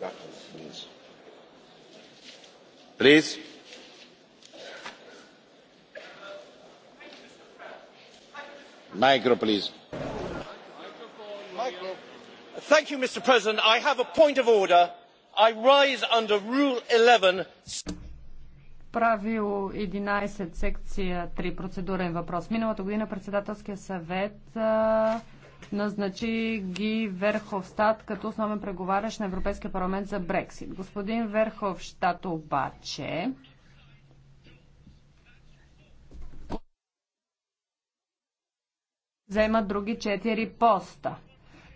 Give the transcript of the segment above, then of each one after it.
написано. Please. Micro, please. You, mr president i have a point of order. i rise under rule eleven правило 11, секция 3, процедурен въпрос. Миналата година председателския съвет а, назначи ги Верховстат като основен преговарящ на Европейския парламент за Брексит. Господин Верховстат обаче взема други 4 поста.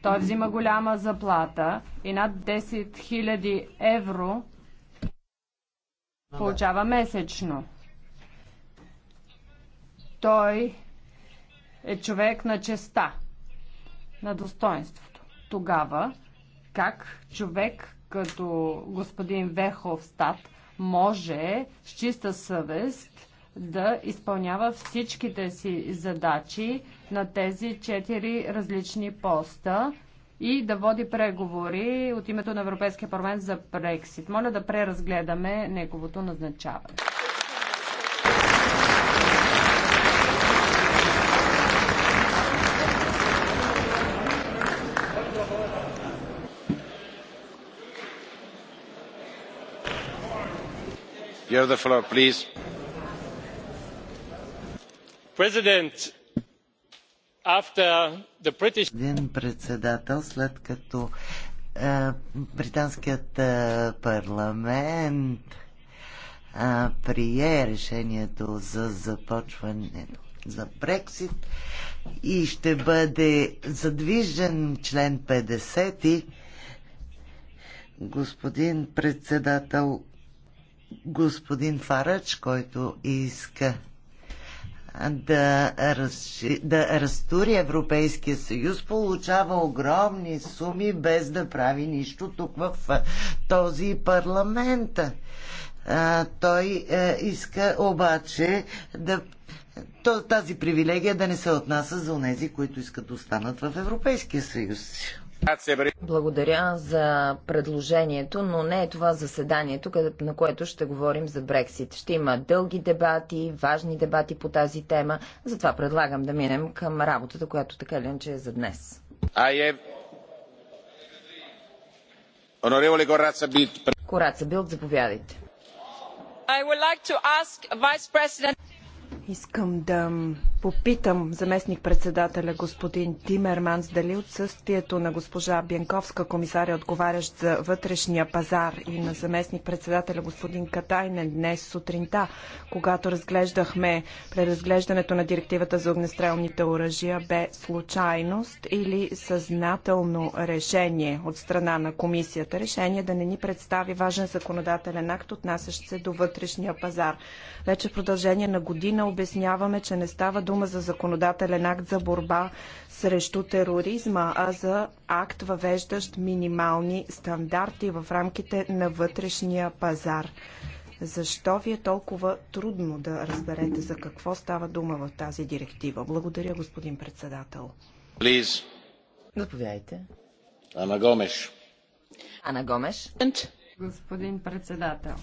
Той взима голяма заплата и над 10 000 евро получава месечно. Той е човек на честа на достоинството. Тогава как човек като господин Веховстат може с чиста съвест да изпълнява всичките си задачи на тези четири различни поста и да води преговори от името на Европейския парламент за Брексит. Моля да преразгледаме неговото назначаване. mr president господин председател след като е, британският е, парламент е, прие решението за започване за Брексит и ще бъде задвижен член 50 господин председател господин Фарач, който иска да, разши, да разтури Европейския съюз, получава огромни суми без да прави нищо тук в този парламент. А, той а, е, иска обаче да тази привилегия да не се отнася за онези, които искат да останат в Европейския съюз. Благодаря за предложението, но не е това заседанието, на което ще говорим за Брексит. Ще има дълги дебати, важни дебати по тази тема, затова предлагам да минем към работата, която така ли че е за днес. Е. Кораца Билт, заповядайте. Искам да попитам заместник-председателя господин Тимерманс дали отсъствието на госпожа Бенковска комисаря отговарящ за вътрешния пазар и на заместник-председателя господин Катайнен днес сутринта, когато разглеждахме преразглеждането на директивата за огнестрелните оръжия, бе случайност или съзнателно решение от страна на комисията. Решение да не ни представи важен законодателен акт, отнасящ се до вътрешния пазар. Вече в продължение на година обясняваме, че не става дума за законодателен акт за борба срещу тероризма, а за акт въвеждащ минимални стандарти в рамките на вътрешния пазар. Защо ви е толкова трудно да разберете за какво става дума в тази директива? Благодаря, господин председател. Please. Заповядайте. Ана Гомеш. Ана Гомеш. Господин председател,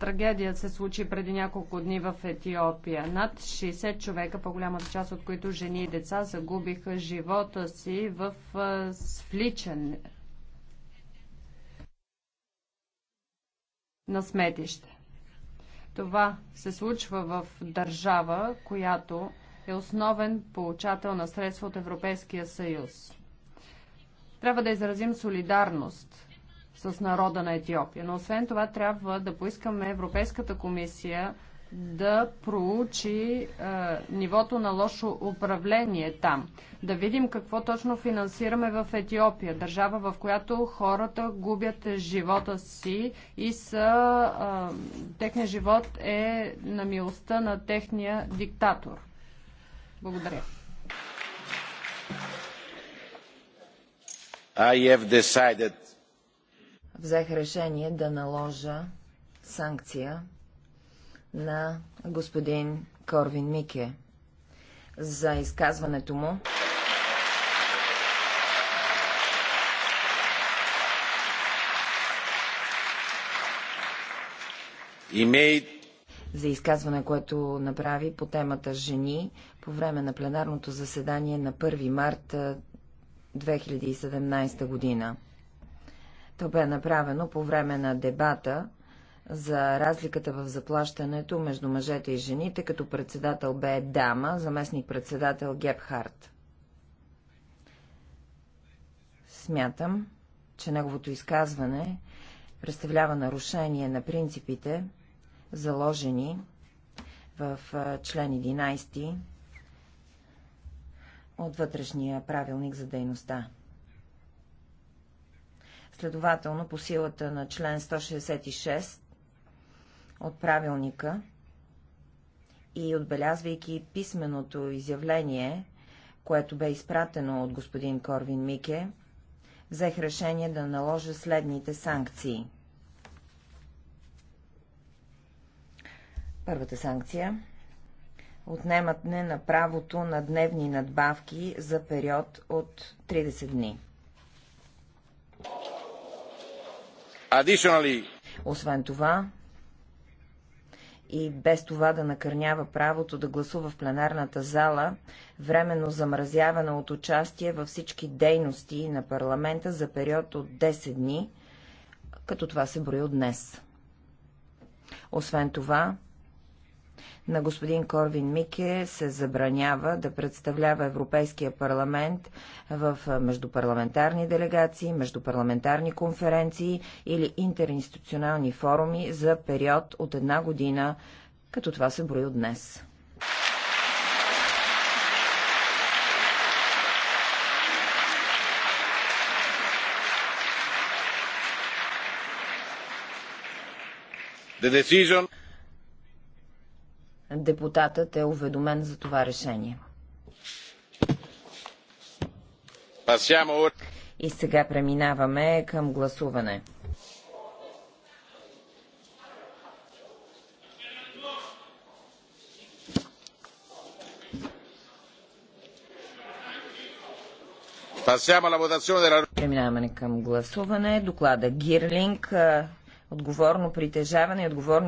Трагедия се случи преди няколко дни в Етиопия. Над 60 човека, по-голямата част от които жени и деца, загубиха живота си в свличане на сметище. Това се случва в държава, която е основен получател на средства от Европейския съюз. Трябва да изразим солидарност с народа на Етиопия. Но освен това трябва да поискаме Европейската комисия да проучи е, нивото на лошо управление там. Да видим какво точно финансираме в Етиопия, държава в която хората губят живота си и са, е, техния живот е на милостта на техния диктатор. Благодаря. I have decided взех решение да наложа санкция на господин Корвин Мике за изказването му. Made... За изказване, което направи по темата жени по време на пленарното заседание на 1 март 2017 година. То бе направено по време на дебата за разликата в заплащането между мъжете и жените, като председател бе Дама, заместник-председател Гепхарт. Смятам, че неговото изказване представлява нарушение на принципите, заложени в член 11 от вътрешния правилник за дейността. Следователно, по силата на член 166 от правилника и отбелязвайки писменото изявление, което бе изпратено от господин Корвин Мике, взех решение да наложа следните санкции. Първата санкция отнемат не на правото на дневни надбавки за период от 30 дни. Освен това, и без това да накърнява правото да гласува в пленарната зала, временно замразяване от участие във всички дейности на парламента за период от 10 дни, като това се брои от днес. Освен това, на господин Корвин Мике се забранява да представлява Европейския парламент в междупарламентарни делегации, междупарламентарни конференции или интеринституционални форуми за период от една година, като това се брои от днес. The decision депутатът е уведомен за това решение. И сега преминаваме към гласуване. Преминаваме към гласуване. Доклада Гирлинг. Отговорно притежаване и отговорни